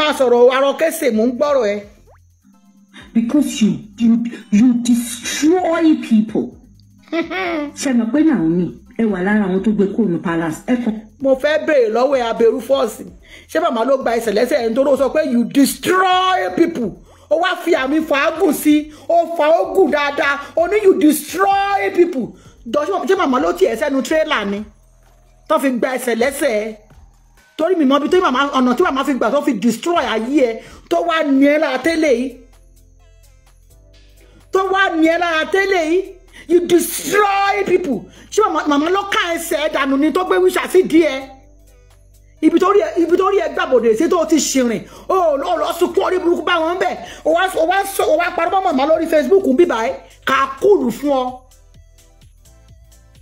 máa sọ̀rọ̀ arọ́kẹ́sẹ̀ mò ń gbọ́rọ̀ ẹ. because you you you destroy people. ṣe mọ̀ pé náà ni ẹ wà lára àwọn tó gbé kóònù palace ẹ kọ. mo fẹ́ béèrè lọ́wọ́ ẹ abẹ́rú fọ́ọ̀sì ṣé màmá ló gba ẹsẹ̀ lẹ́sẹ̀ ẹni tó ló sọ pé you destroy people O wa fi ami fàágùn sí ó fa oògùn dáadáa ó ní you destroy people dọ̀ṣọ́ ṣé màmá ló tiẹ̀ sẹ́nu tírélà ni tó fi gba ẹsẹ̀ lẹ́sẹ̀ torí mi mọ ibi tí màmá ọ̀nà tí màmá fi gbà tó fi destroy ayé ẹ tó wá ní ẹ lára tẹ́lẹ̀ yìí tó wá ní ẹ lára tẹ́lẹ̀ yìí you destroy people ṣé màmá lọ́ka ẹsẹ̀ ẹ dànù ni tó gbé wíṣà sí díẹ̀ ibi tó rí ẹ gbàbọ̀dẹ̀ sí tó o ti ṣìrìn o ò lọ sunkún orí burúkú báwọn bẹ̀ o wá parọ́ mọ́ màmá lórí Facebook bíbá ẹ kà á kúlù fún ọ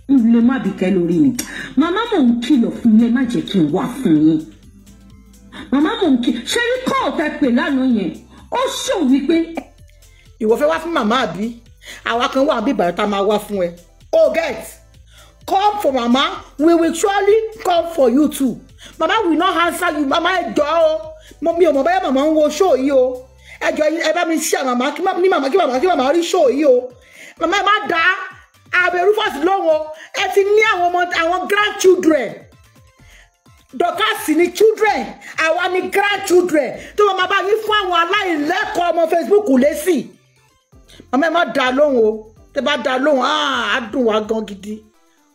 ilé má bìkẹ́ lórí mi màmá mò ń kìlọ̀ fún ilé má jẹ́ kí n wá fún yín màmá mò ń kí ṣe rí kọ́ọ̀tà pè lánàá yẹn ó ṣò wípé. ìwọ fẹ́ wá fún màmá àbí àwa kan wà bí ìbàdàn tá a máa wá fún ẹ o oh, get come for mama we will surely come for you too mama we no answer you mama ẹ jọ o mi ò mọ bẹ́ẹ̀ màmá ń wo ṣó yìí o ẹ jọ ẹ bá mi ṣí àmàmà kí màmá kí màmá rí ṣó yìí o màmá ẹ má dáa ààbẹ̀ rufus lọ́wọ́ ẹ ti ní àwọn ọmọ àwọn grandchildren dọ̀kásì ni children àwa ni grandchildren tó wọn máa bá yín fún àwọn aláìlẹ́kọ̀ọ́ ọmọ facebook lésì màmá ẹ má dá lóhùn o tẹ bá dá lóhùn á dùn wá gan gidi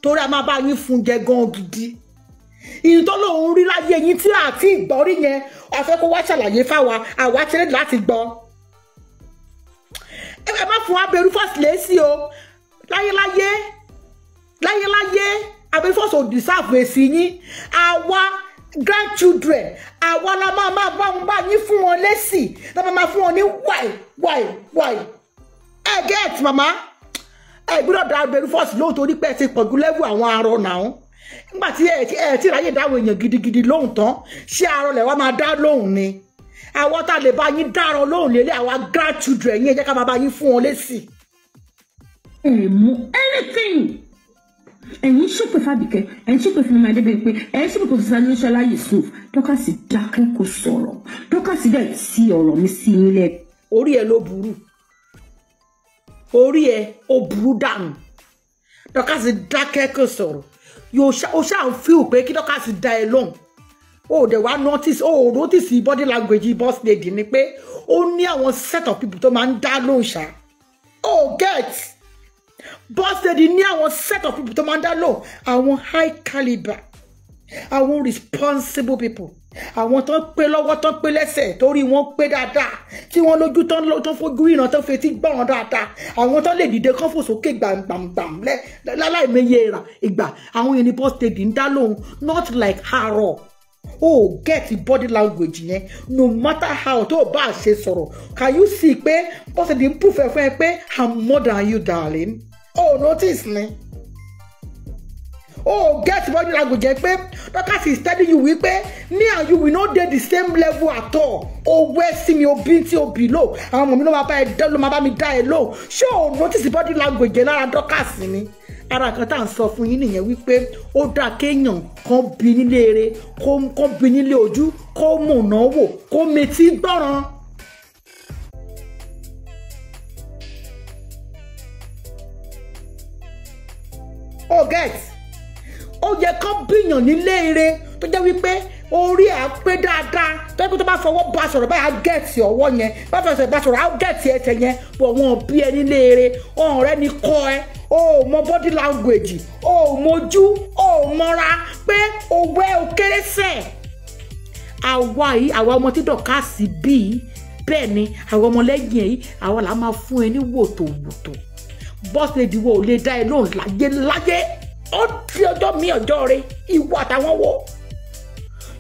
torí a máa bá yín fún jẹ gan gidi ìtọ́ lòun rí láyé yín tí àti ìgbọ́rí yẹn ọ̀fẹ́ kó wá ṣàlàyé fáwa àwa ti rẹ́dì láti gbọ́ ẹ má fún abẹ́rú fọ́sílẹ̀ sí o láyéláyé láyéláyé abẹ́fọ́sọ dìsáàfù èsì yín àwa grandchildren àwa la máa máa bá wọn bá yín fún wọn lésì la máa máa fún wọn ní wáì wáì wáì ẹ gẹ́ẹ̀tì màmá ẹ gbọ́dọ̀ da abẹ́fọ́sọ lóòótọ́ nípa ẹ̀ ti pọ̀jù lẹ́wù àwọn arọ nàá nígbà tí ẹ ti ráyè dáwọ èèyàn gidigidi lóhùn tán ṣé arọ lẹ wá máa dá lóhùn ni àwọn tá a lè bá yín dárọ lóhùn lélẹ̀ àwa grandchildren yín ẹ jẹ́ ká máa bá yín fún wọn lésì ẹ̀ mú anything ẹ̀yin ṣépè fábìkẹ́ ẹ̀yin ṣépè fún ọmọ adébẹ̀yìn pé ẹ̀yin ṣépè fún sísá níṣọ́lá yusuf dọ́kàsì dákẹ́ kò sọ̀rọ̀ dọ́kàsì dẹ̀ ti ọ̀rọ̀ mi sí ilé. orí ẹ ló burú orí ẹ ó burú dànù dọ́kàsì dákẹ́ kò sọ̀rọ̀ yóò ṣáà ń fíw pé kí dọ́kàsì da ẹ lóhùn o ò dẹ̀ wá notice o ò notice body language boss lady ni pé ó ní àwọn set of people tó máa ń dá lóhùn ṣá o oh, get boss lady ní àwọn set of people tó máa ń dá lò àwọn high calibre àwọn responsible people àwọn tó ń pé lọ́wọ́ tó ń pé lẹ́sẹ̀ torí wọ́n pé dáadáa tí wọ́n lójú tó ń lọ tó ń fojú ìran tó ń fetí gbọ́ràn dáadáa àwọn tó lè dìde kán fò sókè gbàǹgbàǹgbàm láláìmọye ìgbà àwọn yẹn ni boss lady ń dá lóhùn not like arrow oh get body language yẹn no matter how tó o bá ṣe sọ̀rọ̀ can you see pé bọ́sẹ̀ di ń bù fẹ́ fún ẹ pé i'm more than you darling o notice ni o get body language jẹ pé doctor is study you wípé me and you we no dey the same level at all o wẹ́ sí mi o bí tí o bì lò àwọn ọmọ mi ló máa bá ẹ dá ló máa bá mi dá ẹ lò ṣé o notice body language jẹ lára doctor ni ara kan tá à ń sọ fún yín nìyẹn wípé ó dáa kéèyàn kan bí nílé eré kan bí nílé ojú kó mọ̀nà wò kó metí gbọ́ràn. forget ó yẹ kó bíyàn nílé ire tó jẹ́ wípé orí ẹ̀ pé dáadáa tó yẹ kó tó bá fọwọ́ bá sọ̀rọ̀ báyà gẹ̀ẹ́tì ọwọ́ yẹn bá fẹsẹ̀ bá sọ̀rọ̀ á gẹ̀ẹ́tì ẹsẹ̀ yẹn bọ̀ wọn bí ẹ nílé ire ọ̀hún rẹ ni kọ́ ẹ o ò mọ body language o ò mọjú o ò mọra pé owó ẹ ò kéré sẹ̀ àwa yìí àwa ọmọ tí dọ̀kásì bíi bẹ́ẹ̀ ni àwọn ọmọlẹ́yìn ẹ̀ yìí àwa là máa fún ẹ ní wòtòwòtò boss lady wo ò lè dá ẹ lóhùn láyé láyé ó di ọjọ́ mi ọjọ́ rẹ ìwọ àtàwọn wo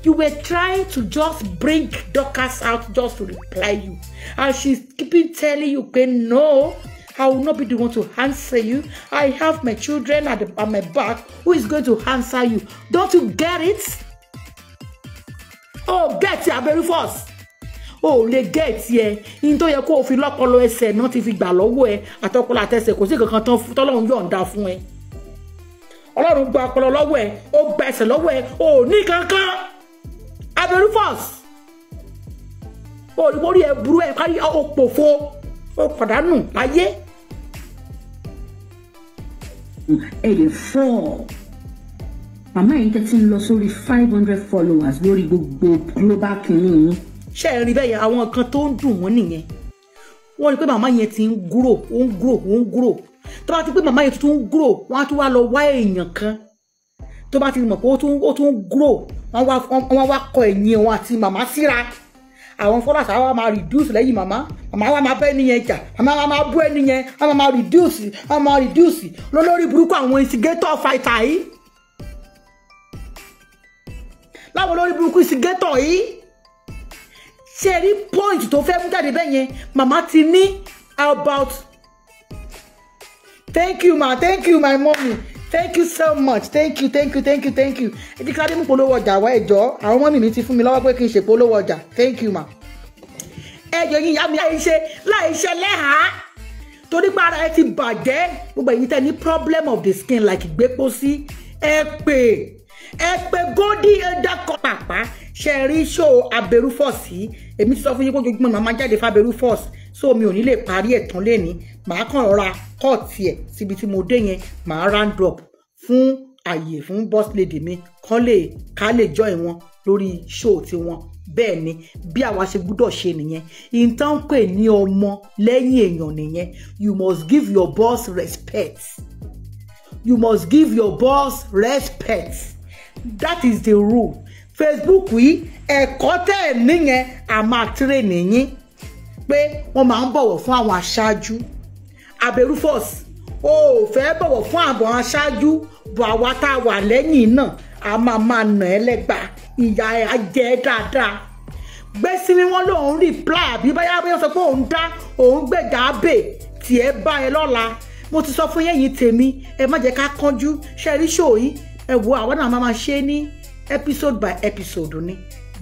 you were trying to just bring Dorcas out just to reply you and she's keeping telling you pé no I will not be the one to answer you I have my children at, the, at my back who is going to answer you don't you get it? oh get your very first o ò lè gẹ̀ẹ́tì ẹ yín tó yẹ kó o fi lọ́pọlọ ẹsẹ̀ náà ti fi gbà lọ́wọ́ ẹ àtọpọlọ àtẹsẹ̀ kò sí kankan tọ́lọ́run yọ̀ǹda fún ẹ ọlọ́run gba ọpọlọ lọ́wọ́ ẹ ó gba ẹsẹ̀ lọ́wọ́ ẹ ò ní kankan abẹ́rú fọ́ọ̀sì orí ẹ burú ẹ kárí ó pòfo ó pàdánù láyé. ẹ lè màmá yìí tẹ́ ń lọ sórí five hundred followers lórí gbogbo global kìnìún ṣe é rí bẹ́ẹ̀ yẹn àwọn nǹkan tó ń dùn wọ́n nìyẹn wọ́n rí pé màmá yẹn ti ń gúrò ó ń gúrò ó ń gúrò tó bá ti pé màmá yẹn tuntun ń gúrò wọ́n á tún wá lọ wá èèyàn kan tó bá ti mọ̀ pé ó tún ń gúrò wọ́n wá kọ ẹ̀yìn wọn àti màmá síra àwọn followers wa máa reduce lẹ́yìn màmá màmá wa máa bá ẹni yẹn jà màmá wa máa bú ẹni yẹn wa máa reduce wa máa reduce lólórí burúkú àwọn instigator fighter yìí láwọn olórí burúkú instigator yìí ṣe rí point tó fẹ́ mú jáde bẹ́ẹ̀ yẹn màmá ti ní about thank you ma thank you my mommy thank you so much thank you thank you thank you thank you ẹ jẹ́ kí adé mú polówó ọjà wá ẹ̀jọ́ àwọn mọ́mì mi ti fún mi lọ́wọ́ pé kí n ṣe polówó ọjà thank you ma ẹ̀jọ̀ yín ìyá mi láì ṣe láì ṣe lẹ́hàá torí pé ara ẹ ti bàjẹ́ gbogbo ẹ̀yin tẹ́ ní problem of the skin like ìgbépo sí ẹ pè ẹ pè gódì ẹ̀dá kọ́ pàpà ṣe rí ṣó abẹrúfọ̀sì èmi ti sọ fún yín pé ojoojúmọ́ ni màá máa jáde fábẹrúfọ̀sì so mi ò ní lè parí ẹ̀ tán lẹ́ni màá kàn ra kọ́ọ̀tì ẹ̀ síbi tí mo dé yẹn màá round up fún àyè fún boss lady mi kán lè ká lè join wọn lórí show tiwọn bẹ́ẹ̀ ni bí àwa ṣe gbúdọ̀ ṣe nìyẹn ìtàn ń pè ní ọmọ lẹ́yìn èèyàn nìyẹn you must give your boss respect you must give your boss respect that is the rule facebook yìí ẹ̀kọ́ tẹ̀ ẹ̀ níyẹn a máa tírèèni yín pé wọ́n máa ń bọ̀wọ̀ fún àwọn aṣáájú aberufos o ò fẹ́ bọ̀wọ̀ fún àwọn aṣáájú bọ̀ àwa tá a wà lẹ́yìn náà a máa máa nà ẹ́ lẹ́gba ìyá ẹ̀ á jẹ́ dáadáa gbèsè ni wọ́n lòun reply àbí báyà bóyá sọ pé òun dá òun gbẹ̀gà bè tí ẹ bá ẹ lọ́la mo ti sọ fún yẹ̀yìn tèmi ẹ má jẹ́ ká kánjú ṣe é rí ṣòyí ẹ wo àwọn náà máa máa ṣe é ní episode by episode ni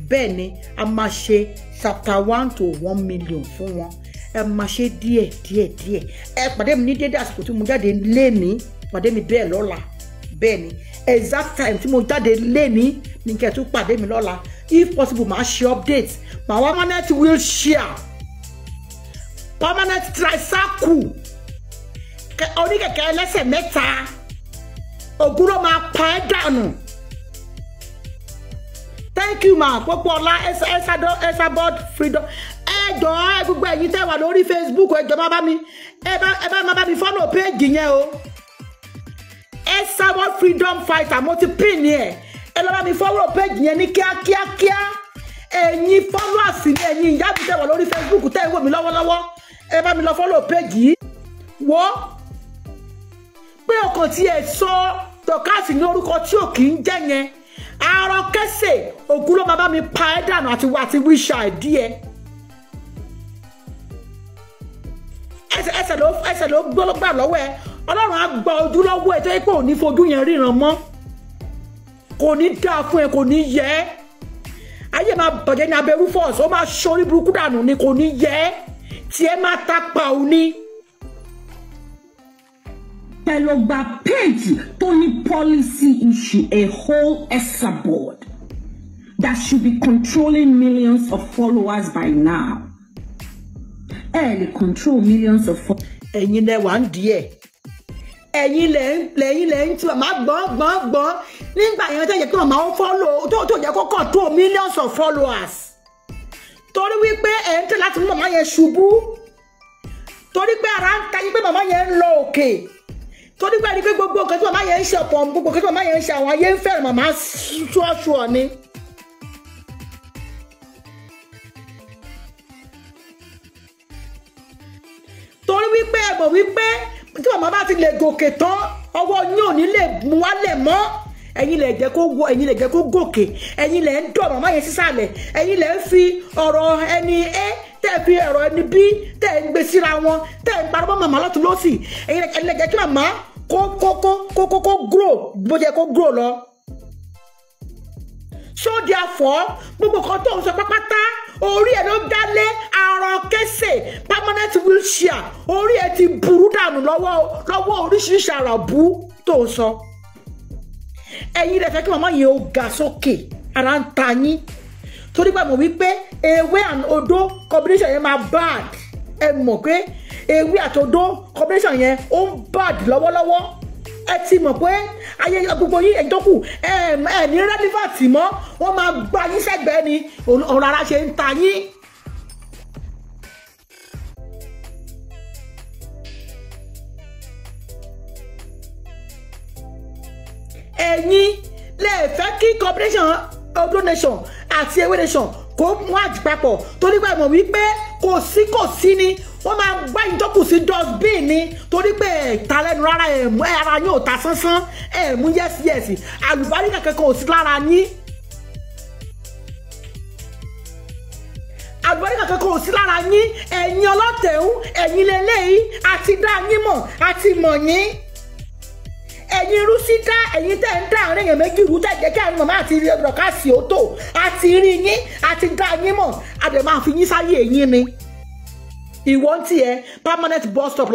bẹ́ẹ̀ ni a máa ṣe chapter one to one million fún wọn ẹ máa ṣe díẹ̀ díẹ̀ díẹ̀ ẹ pàdé mi ní dédé àsìkò tí mo jáde léni pàdé mi bẹ́ẹ̀ lọ́la bẹ́ẹ̀ ni exact time tí mo jáde léni ní kẹ́ ẹ tún pàdé mi lọ́la if possible màá ṣe update My permanent will share. permanent tricycle oníkẹ̀kẹ́ ẹlẹ́sẹ̀ mẹ́ta ògúnlọ́ máa pa ẹ́ dànù thank you ma Popoola Esabod freedom ẹ jọ̀ọ́ gbogbo ẹ̀yin tẹ́ wà lórí facebook ẹ jọ̀ọ́ má bá mi ẹ bá má bá mi fọ́nà péèjì yẹn o Esabod freedom fighter mo ti pin yẹn ẹ lọ́ bá mi fọ́nà péèjì yẹn ní kíákíá kíá ẹ̀yin followers ni ẹ̀yin ìyá mi tẹ́ wà lórí facebook tẹ́ ẹ wò mí lọ́wọ́lọ́wọ́ ẹ bá mi lọ fọ́nà péèjì yìí wò pé ọkàn tí ẹ sọ tọ́kásì ní orúkọ tí ò kì í jẹ́ yẹn arọ kẹsẹ̀ ògùn ló máa bá mi pa ẹ́ dànù àti wá àti wíṣà ìdí ẹ. ẹsẹ̀ ẹsẹ̀ ló ẹsẹ̀ ló gbà lọ́wọ́ ẹ ọlọ́run á gba ojú lọ́wọ́ ẹ tó yẹ pé òní fojú yẹn ríran mọ́ kò ní dáa fún ẹ kò ní yẹ ẹ́ ayé máa bàjẹ́ ní abẹ́rú fọ́ọ̀sì ó máa ṣorí burúkú dànù ni kò ní yẹ tiẹ̀ máa ta pa òní ẹ lọ gba page tó ní policy issue a whole extra board that should be controlling millions of followers by now ẹ lè control millions of followers. ẹ̀yin lẹ wà ń di ẹ̀ ẹ̀yin lẹ ń lẹ́yìn lẹ ń tí wọ́n máa gbọ́n gbọ́n gbọ́n nígbà yẹn tó yẹ kí wọ́n máa follow tó tó yẹ kó control millions of followers torí wípé ẹ̀ ń tẹ̀ láti mú màmá yẹn ṣubú torí pé ara ń ka yín pé màmá yẹn ń lọ òkè. Okay torí pé ẹni pé gbogbo nǹkan tí màmá yẹn ń ṣe ọ̀pọ̀ gbogbo nǹkan tí màmá yẹn ń ṣe àwọn ayé ń fẹ́ràn màmá ṣúọ̀ṣùọ̀ ni. torí wípé ẹ wípé tí màmá bá ti lè gòkè tán ọwọ́ yín ní lè mú wálẹ̀ mọ́ ẹ̀yin lè jẹ́ kó wọ ẹ̀yin lè jẹ́ kó gòkè ẹ̀yin lè ń dọ̀ màmá yẹn sísàlẹ̀ ẹ̀yin lè ń fi ọ̀rọ̀ ẹni ẹ́ tẹ́ fi ọ̀rọ̀ ẹni bí tẹ́ ń gbé síra wọn tẹ́ ń parọ́ mọ́ màmá lọ́tún lọ́sì ẹ̀yin ẹlẹ́jẹ̀ kí màmá kó kó kó kó kó kó grow bó jẹ́ kó grow lọ. so therefore gbogbo kan tó ń sọ pápátá orí ẹ̀ ló dálé àrùn kẹsẹ̀ permanent wheelchair orí ẹ̀ ti burú dànù lọ́wọ́ lọ́wọ́ oríṣiríṣi àràbù tó ń sọ. ẹ̀yin rẹ̀ fẹ́ kí màmá yẹn ó ga sókè ara ń ta yín torí pé mo ewé and Odo, combination yẹn máa bad ẹ mọ̀ pé ewé àti odó combination yẹn ó ń bad lọ́wọ́lọ́wọ́ ẹ ti mọ̀ pé ayé gbogbo yìí ẹ̀jọ́ kù ẹ ní relevant mọ́ wọ́n máa gba yín sẹ́gbẹ̀ẹ́ ni ọ̀rọ̀ ara ṣe ń ta yín. ẹ̀yin lè fẹ́ kí combination odó nation àti ewé nation kó mú àjùpapọ̀ torí pé mọ̀ wípé kò sí kò sí ni wọ́n máa gbá ìjọkù sí dustbin ni torí pé ẹ̀ta lẹ́nu rárá ẹ̀mú ara yóò ta sánsán ẹ̀mú yẹ́sìyẹ́sì àlùbáríkà kankan ò sí lára yín. àlùbáríkà kankan ò sí lára yín ẹ̀yin ọlọ́tẹ̀ẹ́hún ẹ̀yin lélẹ́yìn àti dá yín mọ̀ àti mọ̀ yín ẹ̀yin rúṣítà ẹ̀yin tẹ̀ ń dá àárín èèyàn méjì rú tẹ̀ jẹ́ kí àrùn màmá àti rọ́kàsì ó tò àti rí yín àti dá yín mọ̀ àdè máa fi yín sáyé yín ni ìwọ ń tiẹ̀ permanent bus stop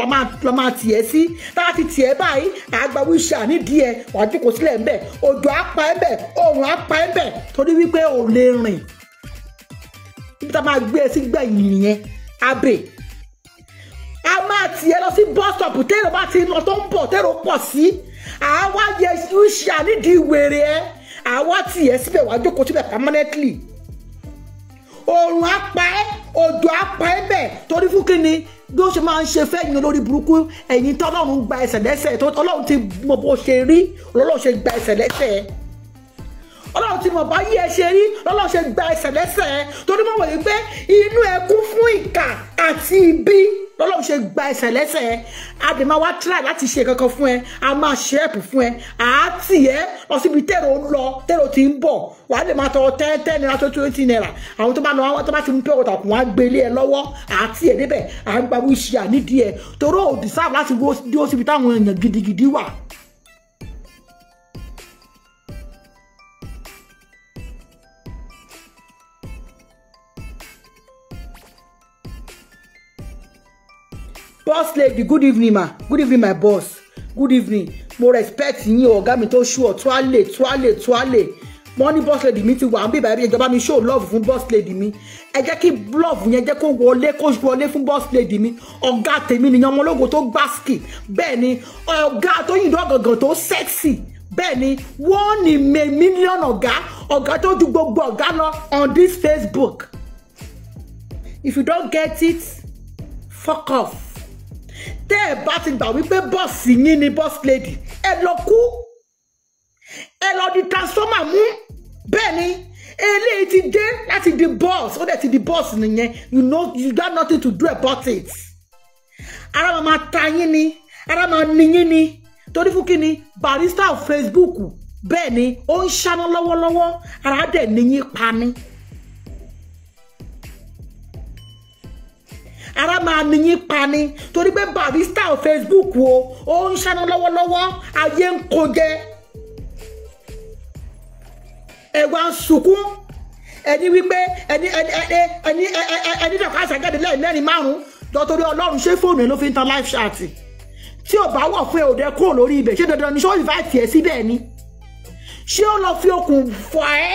la máa tiẹ̀ sí tá a ti tiẹ̀ báyìí àgbà wíṣà nídìí ẹ̀ wàá jókòó sílẹ̀ ń bẹ̀ òjò á pa ẹ̀ bẹ̀ oòrùn á pa ẹ̀ bẹ̀ torí wípé ò lè rìn ibi tá a máa gbé ẹ sí gbẹ̀yìn nìyẹn abè a máa tiẹ̀ lọ sí bus stop tẹ́rọ bá ti lọ tó ń bọ̀ tẹ́rọ pọ̀ sí. Si àwa yẹ ṣíṣe ànídìí wèrè ẹ àwa tì ẹ síbẹ̀ wàá jókòó síbẹ̀ permanently oòrùn apá ẹ òjò apá ẹ bẹ́ẹ̀ torí fún kí ni bí ó ṣe máa ń ṣe fẹ́ yín olórí burúkú ẹ̀yin tí ọlọ́run gba ẹsẹ̀ lẹ́sẹ̀ tó ọlọ́run ti mọ bó ṣe rí ọlọ́run ṣe gba ẹsẹ̀ lẹ́sẹ̀ ọlọ́run ti mọ̀ bá yí ẹ ṣe rí lọ́lọ́run ṣe gba ẹsẹ̀ lẹ́sẹ̀ ẹ torí mọ̀ wòye pé inú ẹ kún fún ìkà àti ibi lọ́lọ́run ṣe gba ẹsẹ̀ lẹ́sẹ̀ ẹ a dè máa wá try láti ṣe kankan fún ẹ a máa ṣe ẹ̀pù fún ẹ àá tì ẹ lọ síbi tèrò ń lọ tèrò ti ń bọ̀ wàá lè máa tọrọ ten ten naira tó twenty naira àwọn tó bá lọ wọn tó bá ti mú pure water kùn wọn á ẹ lọ́wọ́ àá ẹ débẹ̀ à ń gba wíṣíà nídìí ẹ torí òdì sáà láti dúró síbi táwọn èèyàn gidigidi wà boss lady good evening ma good evening my boss good evening mo respect yín ọ̀gá mi tó ṣú ọ̀ tuálè tuálè tuálè wọ́n ní boss lady mi ti wà ń bí ìbàdí ìjọba mi show love fún boss lady mi ẹ jẹ́ kí love yẹn jẹ́ kó wọlé kó wọlé fún boss lady mi ọ̀gá tèmi nìyẹn ọmọ ológo tó gbásìkì bẹ́ẹ̀ ni ọ̀gá tó yìndọ́ gàngàn tó sexy bẹ́ẹ̀ ni wọ́n ní mi mílíọ̀nù ọ̀gá ọ̀gá tó ju gbogbo ọ̀gá lọ on this Facebook if you don't get it fuck off tẹ́ ẹ bá ti gbà wípé bọ́ọ̀sì yín ni bọ́ọ̀sì lady ẹ lọ kú ẹ lọ di transformer mú bẹ́ẹ̀ ni eléyìí ti dé láti di boss ó dẹ̀ ti di boss nìyẹn you know you got nothing to do about it ara máa máa ta yín ni ara máa ni yín ni torí fún kí ni barista Facebook bẹ́ẹ̀ ni ó ń ṣáná lọ́wọ́lọ́wọ́ ara dẹ̀ ni yín pa ni. ara máa ní yín pa torí pé Barrister Facebook wo ó ń ṣáná lọ́wọ́lọ́wọ́ ayé ń kó jẹ ẹ̀wà ń sunkún ẹni wípé ẹni ẹni ẹni ẹni dọ̀ka àṣàjáde lẹ́ẹ̀mẹ́rin márùn-ún dọ́tórí ọlọ́run ṣé fóònù ẹ̀ ló fi ń tan live chat tí ò bá wọ̀ fún ẹ òde kúrò lórí ibẹ̀ ṣé dandan ni ṣé ó sì fàá tiẹ̀ síbẹ̀ ni ṣé ó lọ fi okùn fọ ẹ́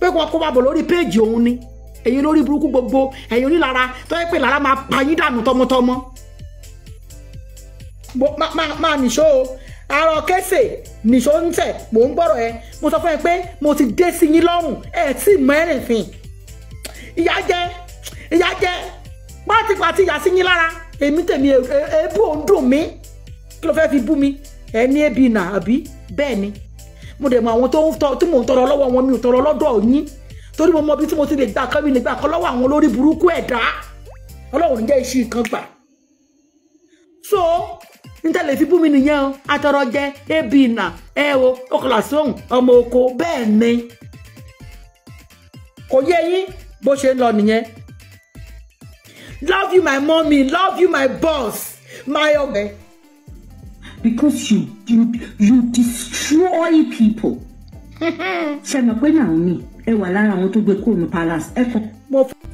pé kó kó bá bọ̀ lórí péèjì òun ni ẹ̀yin lórí burúkú gbogbo ẹ̀yin onílara tó yẹ pé lára máa pa yín dànù tọmọtọmọ máa nìṣó o àrò kẹsẹ̀ nìṣó ń tẹ̀ mò ń gbọ́rọ̀ ẹ mo sọ fún ẹ pé mo ti dé sí yín lọ́rùn ẹ tí mọ ẹrìn fìn ìyá jẹ ìyá jẹ pátipàti ìyá sí yín lára èmi tèmi èébú ò ń dùn mí kí ló fẹ́ fi bú mi ẹ ní ẹbí nà àbí bẹ́ẹ̀ ni mo dẹ̀ mọ àwọn tó mò ń tọrọ lọ́wọ́ wọn mi ò tọrọ lọ́dọ̀ yín torí mo mọ bí tí mo ti lè gbà kán mi lè gbà lọ́wọ́ àwọn olórí burúkú ẹ̀dá ọlọ́run jẹ́ iṣu ìkan gbà so níta lè fi bú mi nìyẹn o atọrọ jẹ ebi ìnà ẹ o ọmọ oko bẹ́ẹ̀ ni kò yé yín bó ṣe ń lọ nìyẹn love you my mommy love you my boss my ọbẹ. because you you you destroy people. ṣe mọ̀ pé náà ni ẹ wà lára àwọn tó gbé kúrò palace ẹ kàn mọ́ fún.